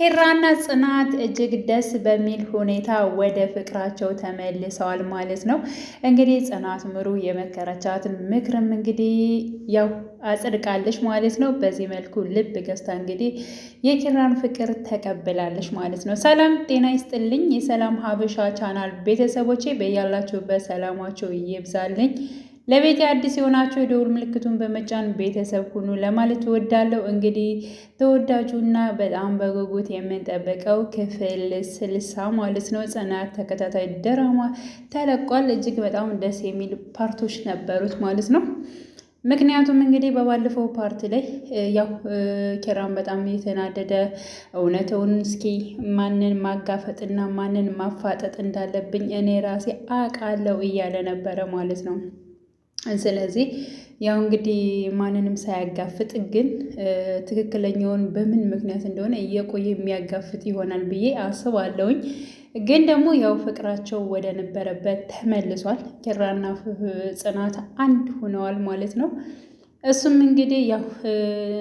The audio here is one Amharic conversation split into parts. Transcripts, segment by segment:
ኪራና ጽናት እጅግ ደስ በሚል ሁኔታ ወደ ፍቅራቸው ተመልሰዋል ማለት ነው። እንግዲህ ጽናት ምሩ የመከረቻትን ምክርም እንግዲህ ያው አጽድቃለች ማለት ነው። በዚህ መልኩ ልብ ገዝታ እንግዲህ የኪራን ፍቅር ተቀብላለች ማለት ነው። ሰላም ጤና ይስጥልኝ። የሰላም ሀበሻ ቻናል ቤተሰቦቼ በያላችሁበት ሰላማቸው ይብዛልኝ። ለቤት አዲስ የሆናቸው የደውል ምልክቱን በመጫን ቤተሰብ ሁኑ ለማለት እወዳለሁ። እንግዲህ ተወዳጁና በጣም በጉጉት የምንጠብቀው ክፍል ስልሳ ማለት ነው ጽናት ተከታታይ ድራማ ተለቋል። እጅግ በጣም ደስ የሚል ፓርቶች ነበሩት ማለት ነው። ምክንያቱም እንግዲህ በባለፈው ፓርት ላይ ያው ኪራም በጣም የተናደደ እውነተውን እስኪ ማንን ማጋፈጥና ማንን ማፋጠጥ እንዳለብኝ እኔ ራሴ አውቃለሁ እያለ ነበረ ማለት ነው። ስለዚህ ያው እንግዲህ ማንንም ሳያጋፍጥ ግን ትክክለኛውን በምን ምክንያት እንደሆነ እየቆየ የሚያጋፍጥ ይሆናል ብዬ አስባለሁኝ። ግን ደግሞ ያው ፍቅራቸው ወደ ነበረበት ተመልሷል። ኪራና ጽናት አንድ ሆነዋል ማለት ነው። እሱም እንግዲህ ያው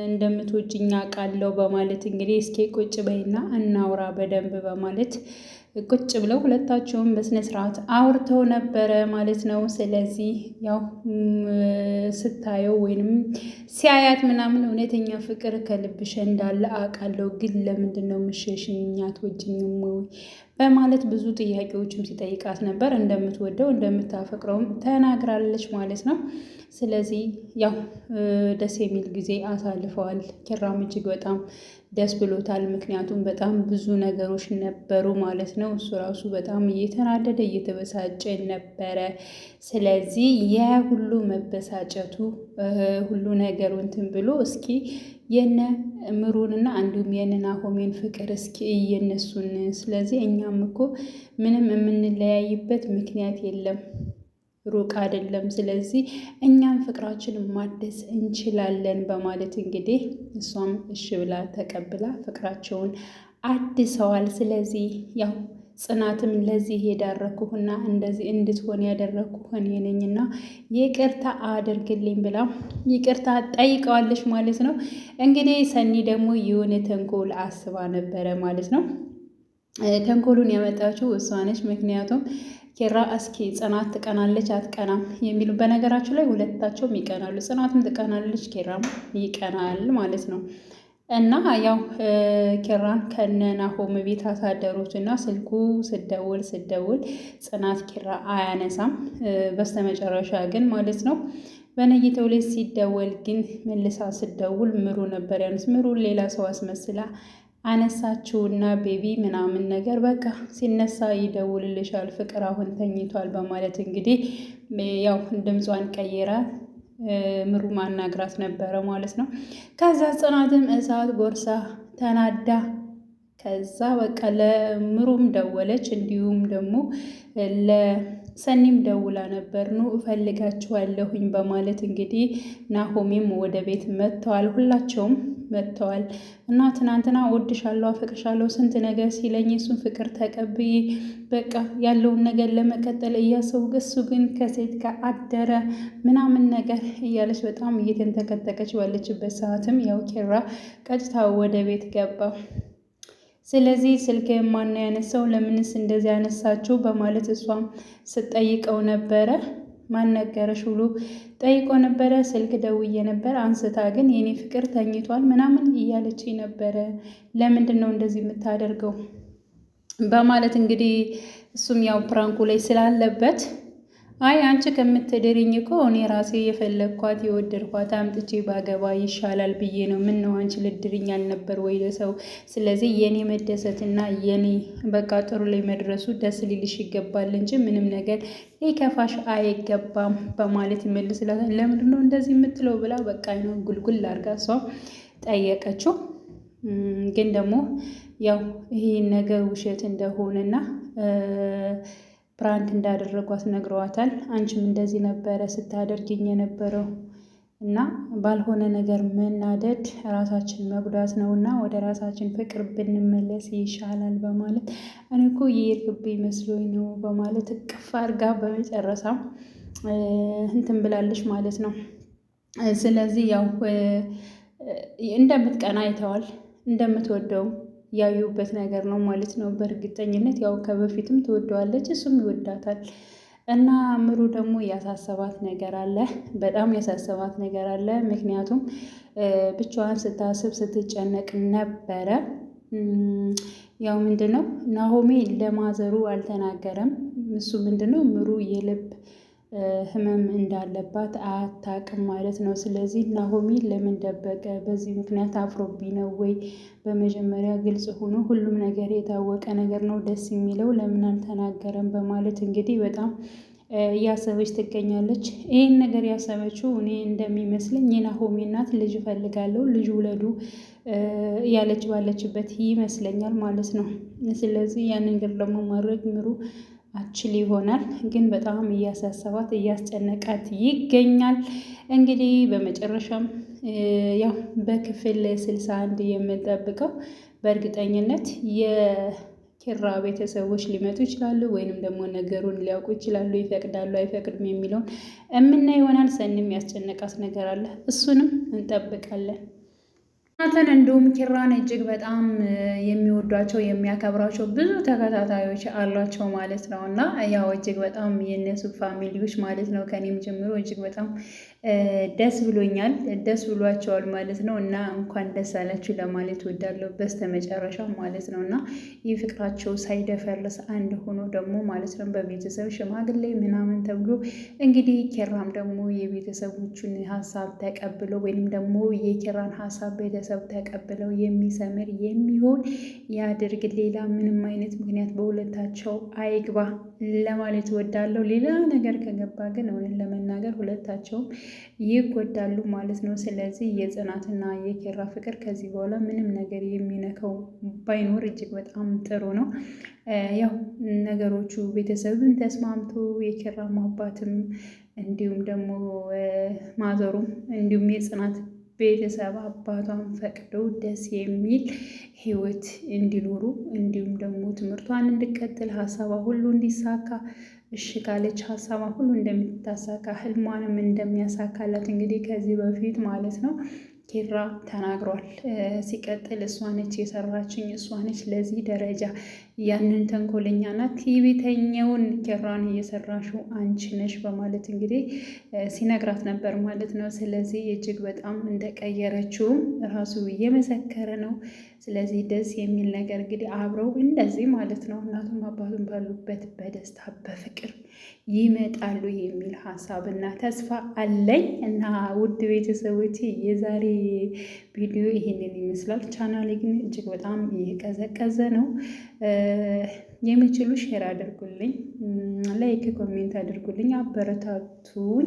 እንደምትወጂኝ አውቃለሁ በማለት እንግዲህ እስኪ ቁጭ በይና እናውራ በደንብ በማለት ቁጭ ብለው ሁለታቸውም በስነ ስርዓት አውርተው ነበረ ማለት ነው። ስለዚህ ያው ስታየው ወይንም ሲያያት ምናምን እውነተኛ ፍቅር ከልብሽ እንዳለ አውቃለሁ፣ ግን ለምንድን ነው ምሸሽኝ? አትወጂኝም በማለት ብዙ ጥያቄዎችም ሲጠይቃት ነበር። እንደምትወደው እንደምታፈቅረውም ተናግራለች ማለት ነው። ስለዚህ ያው ደስ የሚል ጊዜ አሳልፈዋል። ኪራም እጅግ በጣም ደስ ብሎታል። ምክንያቱም በጣም ብዙ ነገሮች ነበሩ ማለት ነው። እሱ ራሱ በጣም እየተናደደ እየተበሳጨ ነበረ። ስለዚህ የሁሉ መበሳጨቱ ሁሉ ነገሩ እንትን ብሎ እስኪ የነ ምሩንና እንዲሁም የነ ናሆሜን ፍቅር እስኪ እየነሱን። ስለዚህ እኛም እኮ ምንም የምንለያይበት ምክንያት የለም ሩቅ አይደለም። ስለዚህ እኛም ፍቅራችን ማደስ እንችላለን በማለት እንግዲህ እሷም እሽ ብላ ተቀብላ ፍቅራቸውን አድሰዋል። ስለዚህ ያው ጽናትም ለዚህ የዳረኩህና እንደዚህ እንድትሆን ያደረግኩህ እኔ ነኝና ይቅርታ አድርግልኝ ብላ ይቅርታ ጠይቀዋለች ማለት ነው። እንግዲህ ሰኒ ደግሞ የሆነ ተንኮል አስባ ነበረ ማለት ነው። ተንኮሉን ያመጣችው እሷ ነች። ምክንያቱም ኬራ እስኪ ጽናት ትቀናለች አትቀናም የሚሉ በነገራችሁ ላይ ሁለታቸውም ይቀናሉ። ጽናትም ትቀናለች፣ ኬራም ይቀናል ማለት ነው። እና ያው ኪራን ከነናሆም ቤት አሳደሩት እና ስልኩ ስደውል ስደውል ጽናት ኪራ አያነሳም። በስተመጨረሻ ግን ማለት ነው በነይተው ላይ ሲደወል ግን መልሳ ስደውል ምሩ ነበር ያንስ ምሩ ሌላ ሰው አስመስላ አነሳችውና ቤቢ ምናምን ነገር በቃ ሲነሳ ይደውልልሻል፣ ፍቅር አሁን ተኝቷል በማለት እንግዲህ ያው ድምጿን ቀይራ ምሩ ማናግራት ነበረ ማለት ነው። ከዛ ጽናትም እሳት ጎርሳ ተናዳ ከዛ በቃ ለምሩም ደወለች እንዲሁም ደግሞ ሰኒም ደውላ ነበር ኑ እፈልጋችኋለሁኝ በማለት እንግዲህ ናሆሜም ወደ ቤት መጥተዋል። ሁላቸውም መጥተዋል እና ትናንትና ወድሻለሁ፣ አፈቅሻለሁ ስንት ነገር ሲለኝ እሱን ፍቅር ተቀብዬ በቃ ያለውን ነገር ለመቀጠል እያሰው እሱ ግን ከሴት ጋር አደረ ምናምን ነገር እያለች በጣም እየተንተከተከች ባለችበት ሰዓትም ያው ኬራ ቀጥታ ወደ ቤት ገባ። ስለዚህ ስልክ የማን ነው ያነሳው? ለምንስ እንደዚህ ያነሳችው? በማለት እሷም ስትጠይቀው ነበረ። ማን ነገረሽ ብሎ ጠይቆ ነበረ። ስልክ ደውዬ ነበር አንስታ፣ ግን የኔ ፍቅር ተኝቷል ምናምን እያለች ነበረ። ለምንድን ነው እንደዚህ የምታደርገው? በማለት እንግዲህ እሱም ያው ፕራንኩ ላይ ስላለበት አይ አንቺ ከምትድርኝ እኮ እኔ ራሴ የፈለግኳት የወደድኳት አምጥቼ ባገባ ይሻላል ብዬ ነው። ምን ነው አንቺ ልድርኝ አልነበር ወይ ለሰው? ስለዚህ የኔ መደሰትና የኔ በቃ ጥሩ ላይ መድረሱ ደስ ሊልሽ ይገባል እንጂ ምንም ነገር ሊከፋሽ አይገባም በማለት ይመልስላታል። ለምንድን ነው እንደዚህ የምትለው ብላ በቃ ነው ጉልጉል አድርጋ እሷ ጠየቀችው። ግን ደግሞ ያው ይህ ነገር ውሸት እንደሆነና ፕራንክ እንዳደረጓት ነግረዋታል። አንቺም እንደዚህ ነበረ ስታደርግኝ የነበረው እና ባልሆነ ነገር መናደድ ራሳችን መጉዳት ነው እና ወደ ራሳችን ፍቅር ብንመለስ ይሻላል በማለት እኔ እኮ መስሎኝ ነው በማለት እቅፍ አድርጋ በመጨረሳ እንትን ብላለች ማለት ነው። ስለዚህ ያው እንደምትቀና አይተዋል እንደምትወደው ያዩበት ነገር ነው ማለት ነው። በእርግጠኝነት ያው ከበፊትም ትወደዋለች፣ እሱም ይወዳታል። እና ምሩ ደግሞ ያሳሰባት ነገር አለ፣ በጣም ያሳሰባት ነገር አለ። ምክንያቱም ብቻዋን ስታስብ ስትጨነቅ ነበረ። ያው ምንድን ነው ናሆሜ ለማዘሩ አልተናገረም። እሱ ምንድን ነው ምሩ የልብ ህመም እንዳለባት አታቅም ማለት ነው። ስለዚህ ናሆሚ ለምን ደበቀ? በዚህ ምክንያት አፍሮብኝ ነው ወይ? በመጀመሪያ ግልጽ ሆኖ ሁሉም ነገር የታወቀ ነገር ነው ደስ የሚለው ለምን አልተናገረም? በማለት እንግዲህ በጣም እያሰበች ትገኛለች። ይህን ነገር ያሰበችው እኔ እንደሚመስለኝ የናሆሚ እናት ልጅ እፈልጋለሁ ልጅ ውለዱ እያለች ባለችበት ይመስለኛል ማለት ነው። ስለዚህ ያንን ነገር ደግሞ ማድረግ ምሩ አችል ይሆናል። ግን በጣም እያሳሰባት እያስጨነቃት ይገኛል። እንግዲህ በመጨረሻም ያው በክፍል ስልሳ አንድ የምንጠብቀው በእርግጠኝነት የኪራ ቤተሰቦች ሊመጡ ይችላሉ፣ ወይንም ደግሞ ነገሩን ሊያውቁ ይችላሉ። ይፈቅዳሉ አይፈቅድም የሚለውን እምና ይሆናል። ሰንም ያስጨነቃት ነገር አለ፣ እሱንም እንጠብቃለን። ናታን እንዲሁም ኪራን እጅግ በጣም የሚወዷቸው የሚያከብሯቸው ብዙ ተከታታዮች አሏቸው ማለት ነው። እና ያው እጅግ በጣም የእነሱ ፋሚሊዎች ማለት ነው ከኔም ጀምሮ እጅግ በጣም ደስ ብሎኛል፣ ደስ ብሏቸዋል ማለት ነው። እና እንኳን ደስ አላችሁ ለማለት ወዳለው በስተ መጨረሻ ማለት ነው። እና ይህ ፍቅራቸው ሳይደፈርስ አንድ ሆኖ ደግሞ ማለት ነው በቤተሰብ ሽማግሌ ምናምን ተብሎ እንግዲህ ኪራም ደግሞ የቤተሰቦቹን ሀሳብ ተቀብሎ ወይም ደግሞ የኪራን ሀሳብ ቤተሰብ ሰው ተቀብለው የሚሰምር የሚሆን ያድርግ። ሌላ ምንም አይነት ምክንያት በሁለታቸው አይግባ ለማለት ወዳለው። ሌላ ነገር ከገባ ግን እውነት ለመናገር ሁለታቸውም ይጎዳሉ ማለት ነው። ስለዚህ የጽናትና የኬራ ፍቅር ከዚህ በኋላ ምንም ነገር የሚነካው ባይኖር እጅግ በጣም ጥሩ ነው። ያው ነገሮቹ ቤተሰብም ተስማምቶ የኬራ አባትም እንዲሁም ደግሞ ማዘሩም እንዲሁም የጽናት ቤተሰብ አባቷን ፈቅደው ደስ የሚል ህይወት እንዲኖሩ እንዲሁም ደግሞ ትምህርቷን እንድቀጥል ሀሳቧ ሁሉ እንዲሳካ እሺ ካለች ሀሳቧ ሁሉ እንደምታሳካ ህልሟንም እንደሚያሳካላት እንግዲህ ከዚህ በፊት ማለት ነው ኪራ ተናግሯል። ሲቀጥል እሷ ነች የሰራችኝ፣ እሷ ነች ለዚህ ደረጃ ያንን ተንኮለኛ ና ትዕቢተኛውን ኪራን እየሰራሽው አንቺ ነሽ በማለት እንግዲህ ሲነግራት ነበር ማለት ነው። ስለዚህ እጅግ በጣም እንደቀየረችውም ራሱ እየመሰከረ ነው። ስለዚህ ደስ የሚል ነገር እንግዲህ አብረው እንደዚህ ማለት ነው እናቱም አባቱም ባሉበት በደስታ በፍቅር ይመጣሉ የሚል ሀሳብ እና ተስፋ አለኝ እና ውድ ቤተሰቦች የዛሬ ቪዲዮ ይህንን ይመስላል። ቻናሌ ግን እጅግ በጣም እየቀዘቀዘ ነው። የሚችሉ ሼር አድርጉልኝ፣ ላይክ ኮሜንት አድርጉልኝ፣ አበረታቱኝ፣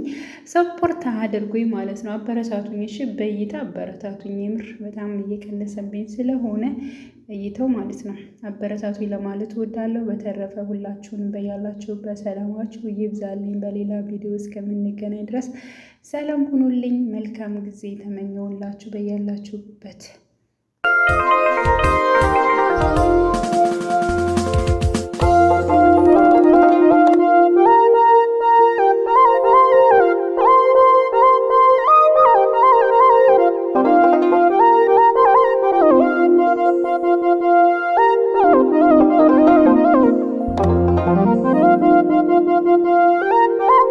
ሰፖርት አድርጉኝ ማለት ነው። አበረታቱኝ፣ እሺ በእይታ አበረታቱኝ። የምር በጣም እየቀነሰብኝ ስለሆነ እይተው ማለት ነው። አበረታቱኝ ለማለት ወዳለሁ በተረፈ ሁላችሁን በያላችሁ በሰላማችሁ ይብዛልኝ። በሌላ ቪዲዮ እስከምንገናኝ ድረስ ሰላም ሁኑልኝ። መልካም ጊዜ ተመኘውላችሁ በያላችሁበት